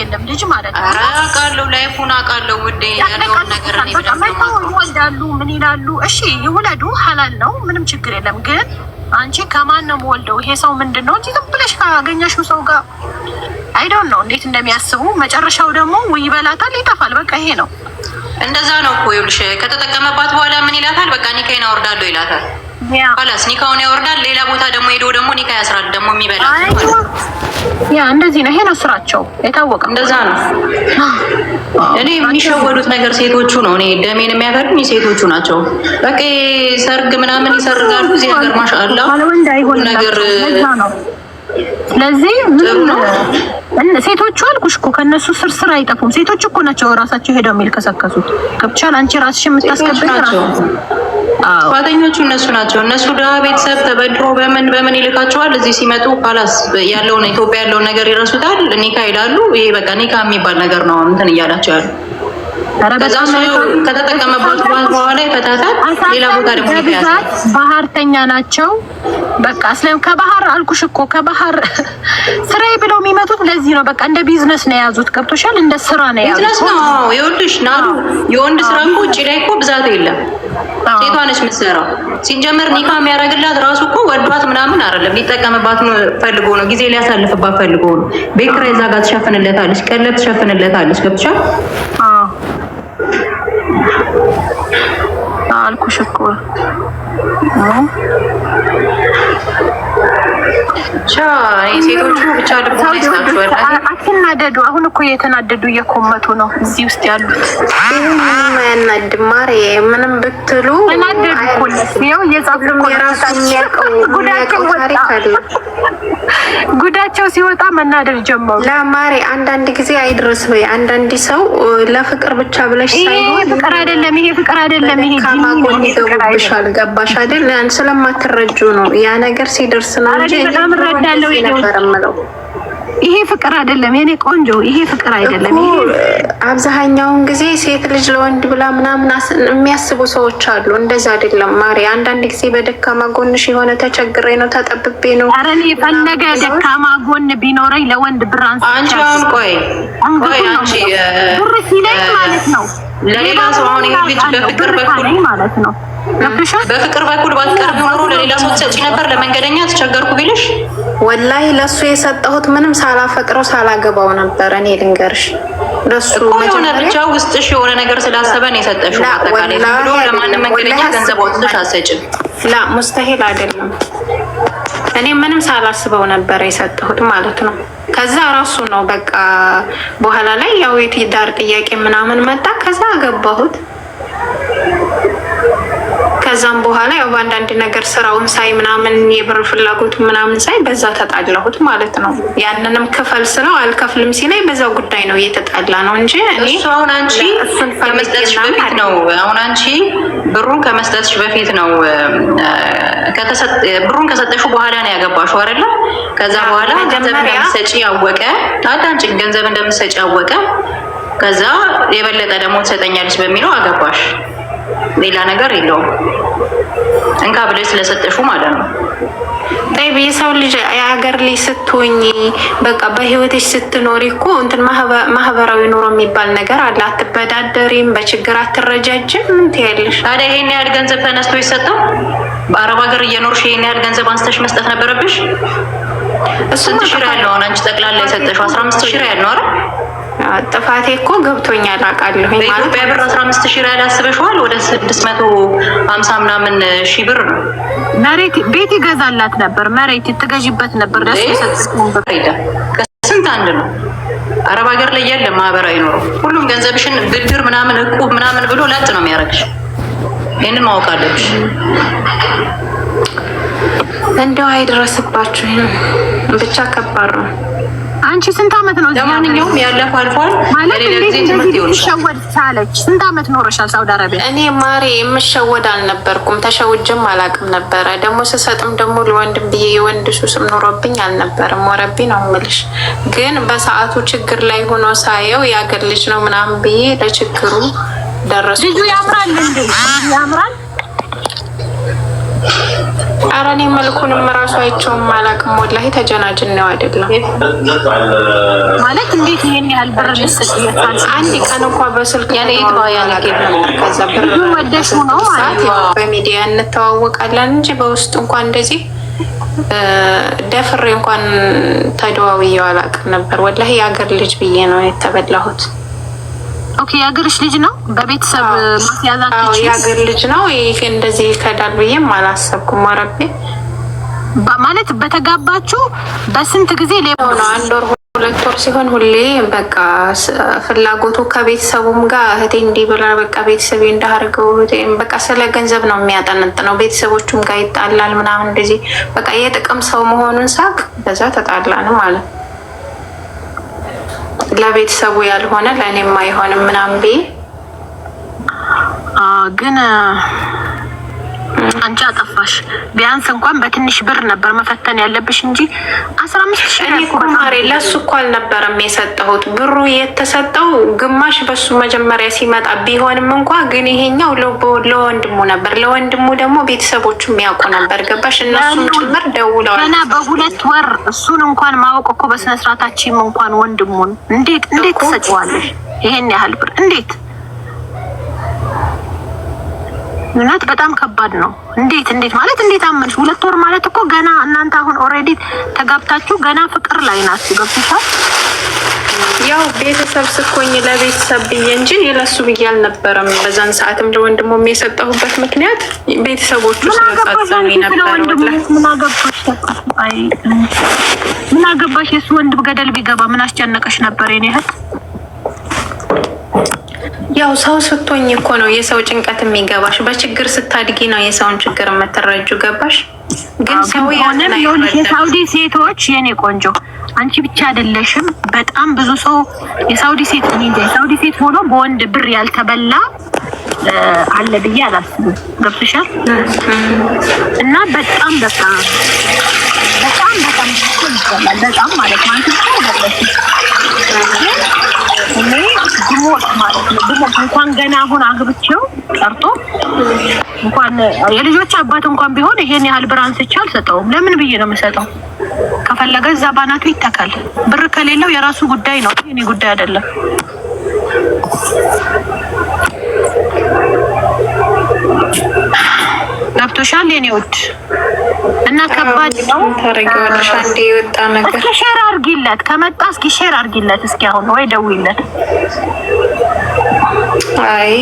የለም ልጅ ማለት ነው። አውቃለሁ ላይፉን አውቃለሁ ውዴ ያለውን ነገር ይወልዳሉ። ምን ይላሉ? እሺ ይውለዱ፣ ሀላል ነው፣ ምንም ችግር የለም። ግን አንቺ ከማን ነው ወልደው? ይሄ ሰው ምንድን ነው እንጂ ዝም ብለሽ ካገኘሽው ሰው ጋር አይዶን ነው እንዴት እንደሚያስቡ መጨረሻው ደግሞ ይበላታል፣ ይጠፋል። በቃ ይሄ ነው። እንደዛ ነው እኮ ይኸውልሽ ከተጠቀመባት በኋላ ምን ይላታል? በቃ ኒካዬን አወርዳለሁ ይላታል። ላስ ኒካውን ያወርዳል። ሌላ ቦታ ደግሞ ሄዶ ደግሞ ኒካ ያስራል። ደግሞ የሚበላ ያ እንደዚህ ነው። ይሄ ነው ስራቸው፣ የታወቀ እንደዛ ነው። እኔ የሚሸወዱት ነገር ሴቶቹ ነው። እኔ ደሜን የሚያገርም ሴቶቹ ናቸው። በቃ ሰርግ ምናምን ይሰርጋሉ እዚህ ነገር ማሻአላ ነገር ስለዚህ ምን ነው ሴቶቹ አልኩሽ እኮ ከነሱ ስር ስር አይጠፉም። ሴቶቹ እኮ ናቸው ራሳቸው ሄደው የሚልከሰከሱት። ከብቻል አንቺ ራስሽ የምታስከብር ጥፋተኞቹ እነሱ ናቸው። እነሱ ድሀ ቤተሰብ ተበድሮ በምን በምን ይልካቸዋል። እዚህ ሲመጡ ካላስ ያለውን ኢትዮጵያ ያለውን ነገር ይረሱታል። ኒካ ይላሉ። ይሄ በቃ ኒካ የሚባል ነገር ነው እንትን እያላቸው ያሉ ከተጠቀመባት በኋላ ይፈታታል። ሌላ ባህርተኛ ናቸው። በቃ ስለም ከባህር አልኩሽ እኮ ከባህር ስራዬ ብለው የሚመጡት ለዚህ ነው። በቃ እንደ ቢዝነስ ነው የያዙት። ገብቶሻል? እንደ ስራ ነው የያዙት። ቢዝነስ ነው ይኸውልሽ። ናሉ የወንድ ስራ እኮ ውጭ ላይ እኮ ብዛት የለም። ሴቷ ነች የምትሰራው። ሲጀመር ኒካ የሚያደርግላት ራሱ እኮ ወዷት ምናምን አይደለም። ሊጠቀምባት ፈልጎ ነው፣ ጊዜ ሊያሳልፍባት ፈልጎ ነው። ቤት ጋር ትሸፍንለታለች፣ ቀለብ ትሸፍንለታለች። ገብቶሻል? አልኩሽ እኮ አትናደዱ። አሁን እኮ የተናደዱ እየኮመቱ ነው እዚህ ውስጥ ያሉት። ያናድ ምንም ብትሉ ጉዳቸው ሲወጣ መናደድ ጀመሩ። ለማሬ አንዳንድ ጊዜ አይድረስ ወይ አንዳንድ ሰው ለፍቅር ብቻ ብለሽ ፍቅር አይደለም ይሄ ፍቅር አይደለም ይሄ ገባሽ አይደል? ስለማትረጁ ነው ያ ነገር ሲደርስ ነው እንጂ እረዳለሁ። ይሄ ፍቅር አይደለም የኔ ቆንጆ፣ ይሄ ፍቅር አይደለም። አብዛኛውን ጊዜ ሴት ልጅ ለወንድ ብላ ምናምን የሚያስቡ ሰዎች አሉ። እንደዛ አይደለም ማሪ። አንዳንድ ጊዜ በደካማ ጎንሽ የሆነ ተቸግሬ ነው ተጠብቤ ነው። ኧረ እኔ የፈለገ ደካማ ጎን ቢኖረኝ ለወንድ ብር አንስቼ ቆይ ቆይ አንቺ ብር ሲለኝ ማለት ነው ለሌላ ሰው አሁን ይህ ልጅ በፍቅር በኩል ማለት ነው በፍቅር በኩል ባትቀርቢ ኖሮ ለሌላ ሰው ትሰጪ ነበር። ለመንገደኛ ተቸገርኩ ቢልሽ ወላሂ ለሱ የሰጠሁት ምንም ሳላፈቅረው ሳላገባው ነበር። እኔ ልንገርሽ ለሱ የሆነ ብቻ ውስጥሽ የሆነ ነገር ስላሰበ ነው የሰጠሽው። አጠቃላይ ብሎ ለማንም መንገደኛ ገንዘብ አውጥተሽ አትሰጭም። ላ ሙስተሂል አይደለም። እኔ ምንም ሳላስበው ነበር የሰጠሁት ማለት ነው። ከዛ ራሱ ነው በቃ በኋላ ላይ ያው የትዳር ጥያቄ ምናምን መጣ። ከዛ አገባሁት። ከዛም በኋላ ያው በአንዳንድ ነገር ስራውን ሳይ ምናምን የብር ፍላጎቱ ምናምን ሳይ በዛ ተጣላሁት ማለት ነው። ያንንም ክፈል ስለው አልከፍልም ሲለኝ በዛው ጉዳይ ነው እየተጣላ ነው እንጂ አሁን አንቺ ከመስጠትሽ በፊት ነው አሁን አንቺ ብሩን ከመስጠትሽ በፊት ነው ብሩን ከሰጠሽው በኋላ ነው ያገባሽው አይደለ? ከዛ በኋላ ገንዘብ እንደምትሰጪ ያወቀ አዳንጭ ገንዘብ እንደምትሰጪ ያወቀ ከዛ የበለጠ ደግሞ ትሰጠኛለች በሚለው አገባሽ። ሌላ ነገር የለውም። እንካ ብለሽ ስለሰጠሹ ማለት ነው። ቤቢ የሰው ልጅ የአገር ልጅ ስትሆኝ በቃ በህይወትሽ ስትኖሪ እኮ እንትን ማህበራዊ ኑሮ የሚባል ነገር አለ። አትበዳደሪም፣ በችግር አትረጃጅም። ምን ትያለሽ ታዲያ? ይሄን ያህል ገንዘብ ተነስቶ ይሰጠው? በአረብ ሀገር እየኖርሽ ይሄን ያህል ገንዘብ አንስተሽ መስጠት ነበረብሽ? ስንት ሺህ ያለው አንቺ ጠቅላላ የሰጠሽው? አስራ አምስት ሺህ አይደል? ጥፋቴ እኮ ገብቶኛል አውቃለሁኝ። በኢትዮጵያ ብር አስራ አምስት ሺህ ሪያል ያስበሽዋል ወደ ስድስት መቶ ሀምሳ ምናምን ሺህ ብር ነው። መሬት ቤት ይገዛላት ነበር፣ መሬት ትገዢበት ነበር። ከስንት አንድ ነው። አረብ ሀገር ላይ ያለ ማህበር አይኖረው ሁሉም ገንዘብሽን ብድር ምናምን እቁብ ምናምን ብሎ ለጥ ነው የሚያደርግሽ። ይህንን ማወቅ አለብሽ። እንደው አይደረስባችሁ ብቻ ከባድ ነው። አንቺ ስንት አመት ነው? ለማንኛውም ያለፈ አልፏል ማለት ትሸወድ ሳለች ስንት አመት ኖረሻል ሳውዲ አረቢያ? እኔ ማሬ የምሸወድ አልነበርኩም፣ ተሸውጅም አላውቅም ነበረ። ደግሞ ስሰጥም ደግሞ ለወንድም ብዬ የወንድ ሱስም ኖሮብኝ አልነበርም። ወረቢ ነው ምልሽ። ግን በሰዓቱ ችግር ላይ ሆኖ ሳየው የአገር ልጅ ነው ምናምን ብዬ ለችግሩ ደረሱ። ልጁ ያምራል እንዴ? ያምራል ኧረ እኔ መልኩንም እራሱ አይቼውም አላውቅም። ወላሂ ነው አይደለም ማለት እንዴት ይሄን ያህል ብር ልስጥ? አንድ ቀን እንኳ በስልክ ያለ ከዛ ብር ወደሽ ነው ማለት በሚዲያ እንተዋወቃለን እንጂ በውስጥ እንኳን እንደዚህ ደፍሬ እንኳን ተደዋውዬው አላውቅም ነበር። ወላሂ የአገር ልጅ ብዬ ነው የተበላሁት። ኦኬ የሀገርሽ ልጅ ነው። በቤተሰብ ማስያዛችሁ የሀገር ልጅ ነው። ይሄ እንደዚህ ይከዳል ብዬም አላሰብኩም። አረቤ በማለት በተጋባችሁ በስንት ጊዜ ሌባ ነው? አንድ ወር ሁለት ወር ሲሆን ሁሌ በቃ ፍላጎቱ ከቤተሰቡም ጋር እህቴ እንዲህ ብላ በቃ ቤተሰቤ እንዳርገው በቃ ስለ ገንዘብ ነው የሚያጠነጥ ነው። ቤተሰቦቹም ጋር ይጣላል ምናምን እንደዚህ በቃ የጥቅም ሰው መሆኑን ሳቅ በዛ ተጣላን ማለት ነው። ለቤተሰቡ ያልሆነ ለእኔም አይሆንም ምናምን ቤ። ግን አንቺ አጠፋሽ። ቢያንስ እንኳን በትንሽ ብር ነበር መፈተን ያለብሽ እንጂ አስራ አምስት ሺ ማሬ ለሱ እኮ አልነበረም የሰጠሁት ብሩ የተሰጠው ግማሽ በሱ መጀመሪያ ሲመጣ ቢሆንም እንኳ ግን ይሄኛው ለወንድሙ ነበር። ለወንድሙ ደግሞ ቤተሰቦቹ የሚያውቁ ነበር። ገባሽ? እነሱም ጭምር ደውለዋል። ገና በሁለት ወር እሱን እንኳን ማወቅ እኮ በስነስርዓታችም እንኳን ወንድሙን እንዴት እንዴት ትሰጭዋለሽ? ይሄን ያህል ብር እንዴት እውነት በጣም ከባድ ነው። እንዴት እንዴት ማለት እንዴት አመንሽ? ሁለት ወር ማለት እኮ ገና እናንተ አሁን ኦልሬዲ ተጋብታችሁ ገና ፍቅር ላይ ናችሁ። ገብቶሻል? ያው ቤተሰብ ስኮኝ ለቤተሰብ ብዬ እንጂ የለሱ ብዬ አልነበረም። በዛን ሰዓትም ለወንድሞም የሰጠሁበት ምክንያት ቤተሰቦቹ ስለጻጻሚ ነበር። ምን አገባሽ? የሱ ወንድም ገደል ቢገባ ምን አስጨነቀሽ ነበር የኔ እህት? ያው ሰው ስትሆኝ እኮ ነው የሰው ጭንቀት የሚገባሽ። በችግር ስታድጊ ነው የሰውን ችግር የምትረጁ። ገባሽ? ግን ሰው የሳውዲ ሴቶች የኔ ቆንጆ አንቺ ብቻ አይደለሽም። በጣም ብዙ ሰው የሳውዲ ሴት እንጃ የሳውዲ ሴት ሆኖ በወንድ ብር ያልተበላ አለ ብዬ አላስብም። ገብቶሻል? እና በጣም በጣም በጣም በጣም ይባላል በጣም ማለት ነው ወቅት ማለት ነው። ድሞት እንኳን ገና አሁን አግብቼው ቀርቶ እንኳን የልጆች አባት እንኳን ቢሆን ይሄን ያህል ብር አንስቼ አልሰጠውም። ለምን ብዬ ነው የምሰጠው? ከፈለገ እዛ ባናቱ ይተካል። ብር ከሌለው የራሱ ጉዳይ ነው፣ የኔ ጉዳይ አይደለም። ገብቶሻል የኔ ውድ እና ከባድ ነው። ሼር አርጊለት ከመጣ እስኪ ሼር አርጊለት እስኪ አሁን ወይ ደውይለት። አይ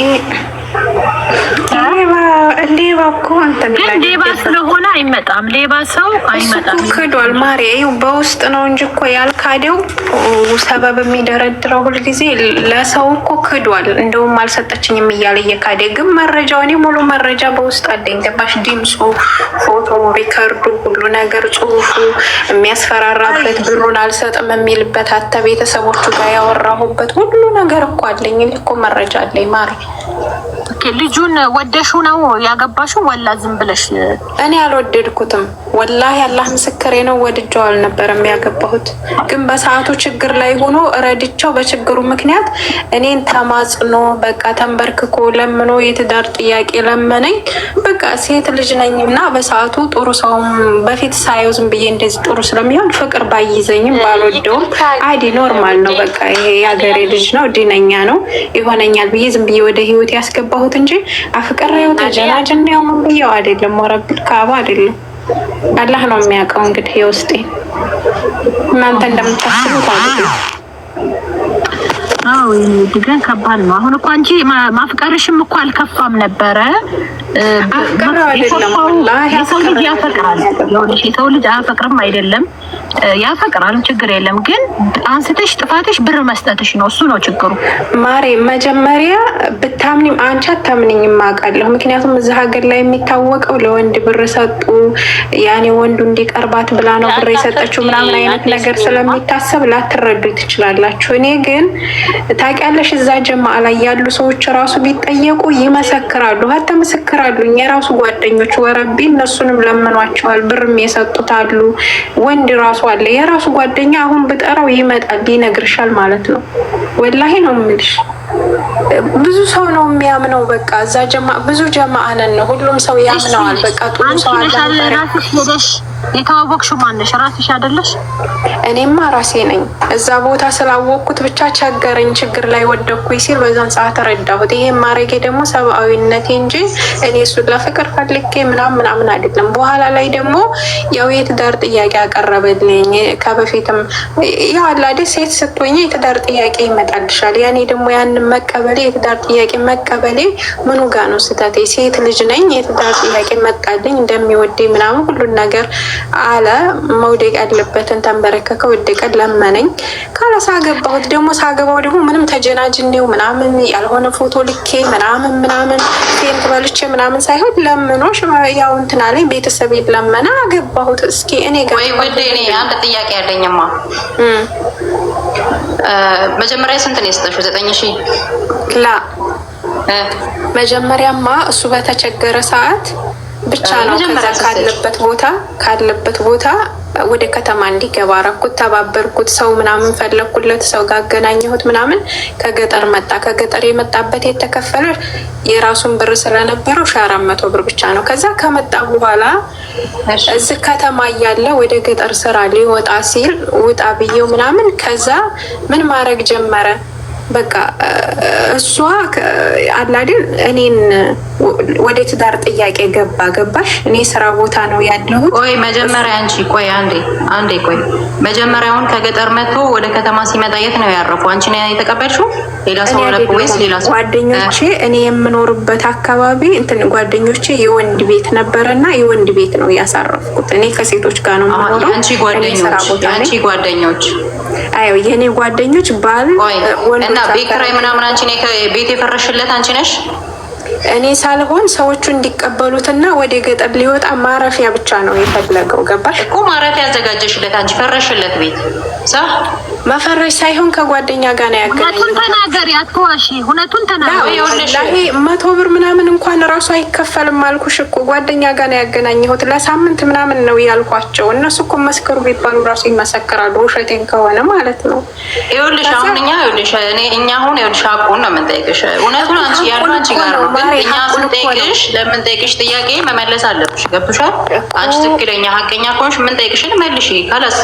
ሌባ እኮ ግን ሌባ ስለሆነ አይመጣም። ሌባ ሰው አይመጣም። ክዷል ማሪ በውስጥ ነው እንጂ እኮ ያልካደው ሰበብ የሚደረድረው ሁልጊዜ ለሰው እኮ ክዷል። እንደውም አልሰጠችኝም እያለ እየካደ ግን መረጃው እኔ ሙሉ መረጃ በውስጥ አለኝ። ገባሽ? ድምፁ፣ ፎቶ፣ ሪከርዱ፣ ሁሉ ነገር ጽሁፉ፣ የሚያስፈራራበት ብሩን አልሰጥም የሚልበት አተ ቤተሰቦቹ ጋር ያወራሁበት ሁሉ ነገር እኮ አለኝ። እኮ መረጃ አለኝ ማሪ ልጁን ወደሹ ነው ያገባሽው ወላ ዝም ብለሽ? እኔ አልወደድኩትም፣ ወላሂ አላህ ምስክሬ ነው። ወድጀው አልነበረም ያገባሁት፣ ግን በሰዓቱ ችግር ላይ ሆኖ ረድቸው። በችግሩ ምክንያት እኔን ተማጽኖ በቃ ተንበርክኮ ለምኖ የትዳር ጥያቄ ለመነኝ። በቃ ሴት ልጅ ነኝ እና በሰዓቱ ጥሩ ሰውም በፊት ሳየው ዝም ብዬ እንደዚህ ጥሩ ስለሚሆን ፍቅር ባይዘኝም ባልወደውም አይዲ ኖርማል ነው። በቃ ይሄ የሀገሬ ልጅ ነው፣ ዲነኛ ነው፣ ይሆነኛል ብዬ ዝም ብዬ ወደ ህይወት ያስገባሁት ያልኩት እንጂ አፍቅሬው ተጀናጅኔው ምን ብዬው አይደለም። ወረብል ካባ አይደለም። አላህ ነው የሚያውቀው። እንግዲህ የውስጤ እናንተ እንደምታስቡት አይደለም። አዎ ግን ከባድ ነው። አሁን እኮ አንቺ ማፍቀርሽም እኮ አልከፋም ነበረ የሰው ልጅ አያፈቅርም አይደለም፣ ያፈቅራል፣ ችግር የለም። ግን አንስተሽ ጥፋትሽ ብር መስጠትሽ ነው። እሱ ነው ችግሩ። ማሬ መጀመሪያ ብታምኒም አንቺ አታምንኝም አውቃለሁ። ምክንያቱም እዛ ሀገር ላይ የሚታወቀው ለወንድ ብር ሰጡ፣ ያኔ ወንዱ እንዲቀርባት ብላ ነው ብር የሰጠችው ምናምን አይነት ነገር ስለሚታሰብ ላትረዱ ትችላላችሁ። እኔ ግን ታውቂያለሽ፣ እዛ ጀማ ላይ ያሉ ሰዎች ራሱ ቢጠየቁ ይመሰክራሉ። ሀታ ምስክር ይረዱኝ። የራሱ ጓደኞች ወረቢ እነሱንም ለምኗቸዋል፣ ብርም የሰጡት አሉ። ወንድ ራሱ አለ የራሱ ጓደኛ። አሁን ብጠራው ይመጣል፣ ይነግርሻል ማለት ነው። ወላሂ ነው የምልሽ። ብዙ ሰው ነው የሚያምነው። በቃ እዛ ጀማ ብዙ ጀማአነን ነው ሁሉም ሰው ያምነዋል። በቃ ጥሩ ሰው አለ አለሽ። የተዋወቅሽው ማነሽ? ራስሽ አይደለሽ? እኔማ ራሴ ነኝ። እዛ ቦታ ስላወቅኩት ብቻ ቸገረኝ፣ ችግር ላይ ወደኩኝ ሲል በዛን ሰዓት ረዳሁት። ይሄ ማረጌ ደግሞ ሰብአዊነቴ እንጂ እኔ እሱን ለፍቅር ፈልጌ ምናምን ምናምን አይደለም። በኋላ ላይ ደግሞ ያው የትዳር ጥያቄ አቀረበልኝ። ከበፊትም ያው አላደ ሴት ስትሆኝ የትዳር ጥያቄ ይመጣልሻል። ያኔ ደግሞ ያንን መቀበሌ የትዳር ጥያቄ መቀበሌ ምኑ ጋ ነው ስህተቴ? ሴት ልጅ ነኝ፣ የትዳር ጥያቄ መጣልኝ እንደሚወደ ምናምን ሁሉን ነገር አለ። መውደቅ ያለበትን ተንበረከከ፣ ወደቀ፣ ለመነኝ። ካለ ሳገባሁት ደግሞ ሳገባው ደግሞ ምንም ተጀናጅኔው ምናምን ያልሆነ ፎቶ ልኬ ምናምን ምናምን ሴንት በልቼ ምናምን ሳይሆን ለምኖ ያው እንትና ላይ ቤተሰብ ለመና አገባሁት። እስኪ እኔ ጋር ወይ እኔ አንድ ጥያቄ ያለኝማ መጀመሪያ ስንት ነው የሰጠሽው? ዘጠኝ ሺ ላ መጀመሪያማ እሱ በተቸገረ ሰዓት ብቻ ነው ካለበት ቦታ ካለበት ቦታ ወደ ከተማ እንዲገባ አረኩት፣ ተባበርኩት። ሰው ምናምን ፈለግኩለት፣ ሰው ጋር አገናኘሁት ምናምን። ከገጠር መጣ። ከገጠር የመጣበት የተከፈለ የራሱን ብር ስለነበረው ሺ አራት መቶ ብር ብቻ ነው። ከዛ ከመጣ በኋላ እዚህ ከተማ እያለ ወደ ገጠር ስራ ሊወጣ ሲል ውጣ ብዬው ምናምን። ከዛ ምን ማድረግ ጀመረ በቃ እሷ አላድን እኔን ወደ ትዳር ጥያቄ ገባ ገባሽ። እኔ ስራ ቦታ ነው ያለሁት። ቆይ መጀመሪያ አንቺ ቆይ አንዴ አንዴ ቆይ መጀመሪያውን ከገጠር መጥቶ ወደ ከተማ ሲመጣ የት ነው ያረፉ? አንቺ ነው የተቀበልሽው? ሌላ ሰው ወይስ ሌላ ሰው? ጓደኞቼ እኔ የምኖርበት አካባቢ እንትን ጓደኞቼ የወንድ ቤት ነበረና የወንድ ቤት ነው ያሳረፍኩት። እኔ ከሴቶች ጋር ነው የምኖረው። አንቺ ጓደኞች አየው የኔ ጓደኞች ባል እና ቤት ኪራይ ምናምን አንቺ ቤት የፈረሽለት አንቺ ነሽ እኔ ሳልሆን ሰዎቹ እንዲቀበሉትና ወደ ገጠር ሊወጣ ማረፊያ ብቻ ነው የፈለገው። ገባሽ እኮ ማረፊያ ያዘጋጀሽለት አንቺ ፈረሽለት ቤት መፈረሽ ሳይሆን ከጓደኛ ጋር ነው ያገናኘው። እውነቱን ተናገሪ፣ አትዋሺ። እውነቱን ተናገሪ። መቶ ብር ምናምን እንኳን ራሱ አይከፈልም አልኩሽ እኮ ጓደኛ ጋር ነው ያገናኘሁት። ለሳምንት ምናምን ነው ያልኳቸው። እነሱ እኮ መስክሩ ቢባሉ ራሱ ይመሰክራሉ፣ ውሸቴን ከሆነ ማለት ነው። ይኸውልሽ አሁን እኛ ይኸውልሽ እኔ እኛ አሁን ይኸውልሽ አቁን ነው የምንጠይቅሽ። እውነቱን አንቺ ያሉ አንቺ ጋር ነው፣ ግን እኛ ስንጠይቅሽ ለምንጠይቅሽ ጥያቄ መመለስ አለብሽ። ገብቶሻል? አንቺ ትክክለኛ ሀቀኛ ከሆንሽ የምንጠይቅሽን መልሽ። ካላስ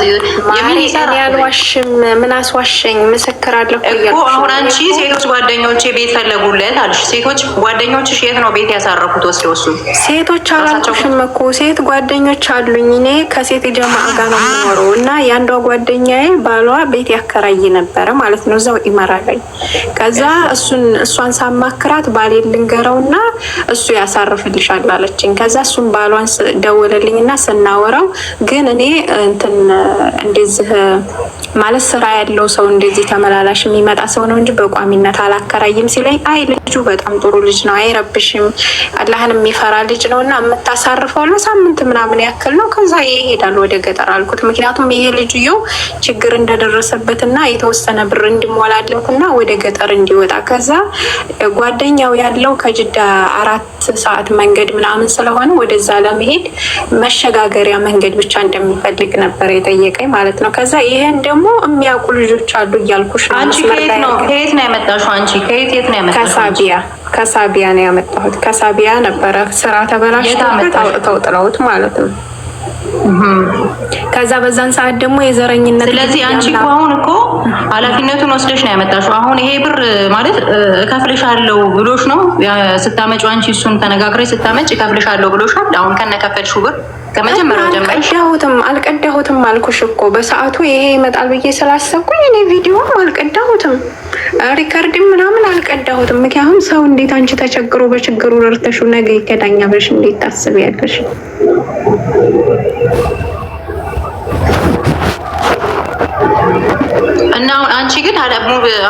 የሚል ይሰራ ያልዋሽም ምን አስዋሸኝ? ምስክር እኮ። አሁን አንቺ ሴቶች ጓደኞቼ ቤት ፈለጉለት አልሽ። ሴቶች ጓደኞችሽ የት ነው ቤት ያሳረፉት? ወስድ ወሱ ሴቶች አላልኩሽም እኮ ሴት ጓደኞች አሉኝ። እኔ ከሴት ጀማ ጋር ነው የምኖረው እና የአንዷ ጓደኛዬ ባሏ ቤት ያከራይ ነበረ ማለት ነው እዛው ኢመራ ላይ። ከዛ እሱን እሷን ሳማክራት ባሌ ልንገረው እና እሱ ያሳርፍልሻል አለችኝ። ከዛ እሱን ባሏን ደወለልኝ እና ስናወራው ግን እኔ እንትን እንደዚህ ማለት ስራ ያለው ሰው እንደዚህ ተመላላሽ የሚመጣ ሰው ነው እንጂ በቋሚነት አላከራይም ሲለኝ፣ አይ ልጁ በጣም ጥሩ ልጅ ነው፣ አይረብሽም፣ አላህን የሚፈራ ልጅ ነው እና የምታሳርፈው ለሳምንት ምናምን ያክል ነው፣ ከዛ ይሄዳል ወደ ገጠር አልኩት። ምክንያቱም ይሄ ልጅየው ችግር እንደደረሰበት እና የተወሰነ ብር እንዲሞላለት እና ወደ ገጠር እንዲወጣ ከዛ ጓደኛው ያለው ከጅዳ አራት ሰዓት መንገድ ምናምን ስለሆነ ወደዛ ለመሄድ መሸጋገሪያ መንገድ ብቻ እንደሚፈልግ ነበር የጠየቀኝ ማለት ነው። ከዛ ይሄን ደግሞ የሚያውቁ ልጆች አሉ እያልኩሽ አንቺ ከየት ነው ከየት ነው ያመጣሽው? አንቺ ከየት የት ነው ያመጣሽው? ከሳቢያ ከሳቢያ ነው ያመጣሁት። ከሳቢያ ነበረ ስራ ተበላሽ ተውጥለውት ማለት ነው ከዛ በዛን ሰዓት ደግሞ የዘረኝነት ስለዚህ አንቺ እኮ አሁን እኮ ኃላፊነቱን ወስደሽ ነው ያመጣሽው። አሁን ይሄ ብር ማለት እከፍልሻለሁ ብሎሽ ነው ስታመጪ፣ አንቺ እሱን ተነጋግረሽ ስታመጪ እከፍልሻለሁ ብሎሻል። አሁን ከነከፈልሽው ብር ከመጀመሪያው ጀምረሽ አልቀዳሁትም አልቀዳሁትም አልኩሽ እኮ በሰዓቱ ይሄ ይመጣል ብዬ ስላሰብኩኝ እኔ ቪዲዮም አልቀዳሁትም ሪከርድም ምናምን አልቀዳሁትም። ምክንያቱም ሰው እንዴት አንቺ ተቸግሮ በችግሩ ረድተሽው ነገ ይከዳኛ ብለሽ እንዴት ታስቢያለሽ? እና አንቺ ግን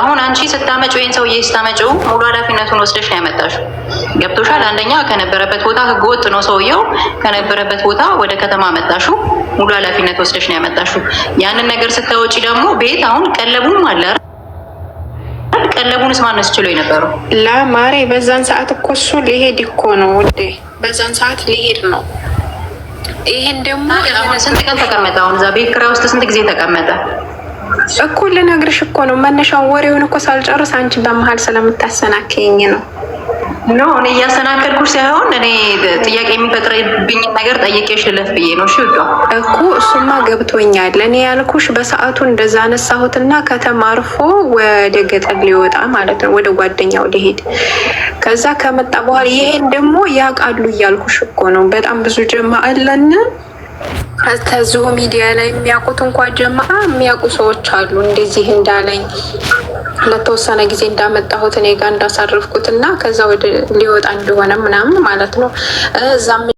አሁን አንቺ ስታመጭ ወይን ሰውዬ ስታመጭው ሙሉ ኃላፊነቱን ወስደሽ ነው ያመጣሽው። ገብቶሻል? አንደኛ ከነበረበት ቦታ ህገወጥ ነው ሰውየው። ከነበረበት ቦታ ወደ ከተማ መጣሹ ሙሉ ኃላፊነት ወስደሽ ነው ያመጣሹ። ያንን ነገር ስታወጪ ደግሞ ቤት አሁን ቀለቡም አለ ቀለቡን ስማነስ ችሎ የነበረው ለማሬ በዛን ሰዓት እኮ እሱ ሊሄድ እኮ ነው ውዴ፣ በዛን ሰዓት ሊሄድ ነው። ይሄን ደግሞ ስንት ቀን ተቀመጠ? አሁን እዛ ቤት ኪራይ ውስጥ ስንት ጊዜ ተቀመጠ? እኮ ልነግርሽ እኮ ነው መነሻውን ወሬውን እኮ ሳልጨርስ አንቺ በመሀል ስለምታሰናክኝ ነው። ኖ እኔ እያሰናከልኩሽ ሳይሆን እኔ ጥያቄ የሚፈጥርብኝ ነገር ጠይቄሽ ልለፍ ብዬ ነው። እሺ ውዷ እኮ እሱማ ገብቶኛል። እኔ ያልኩሽ በሰዓቱ እንደዛ አነሳሁትና ከተማ አርፎ ወደ ገጠር ሊወጣ ማለት ነው፣ ወደ ጓደኛው ሊሄድ ከዛ ከመጣ በኋላ ይሄን ደግሞ ያውቃሉ እያልኩሽ እኮ ነው። በጣም ብዙ ጀማ አለን ከዚሁ ሚዲያ ላይ የሚያውቁት እንኳ ጀማ የሚያውቁ ሰዎች አሉ። እንደዚህ እንዳለኝ ለተወሰነ ጊዜ እንዳመጣሁት እኔ ጋር እንዳሳረፍኩት እና ከዛ ወደ ሊወጣ እንደሆነ ምናምን ማለት ነው እዛም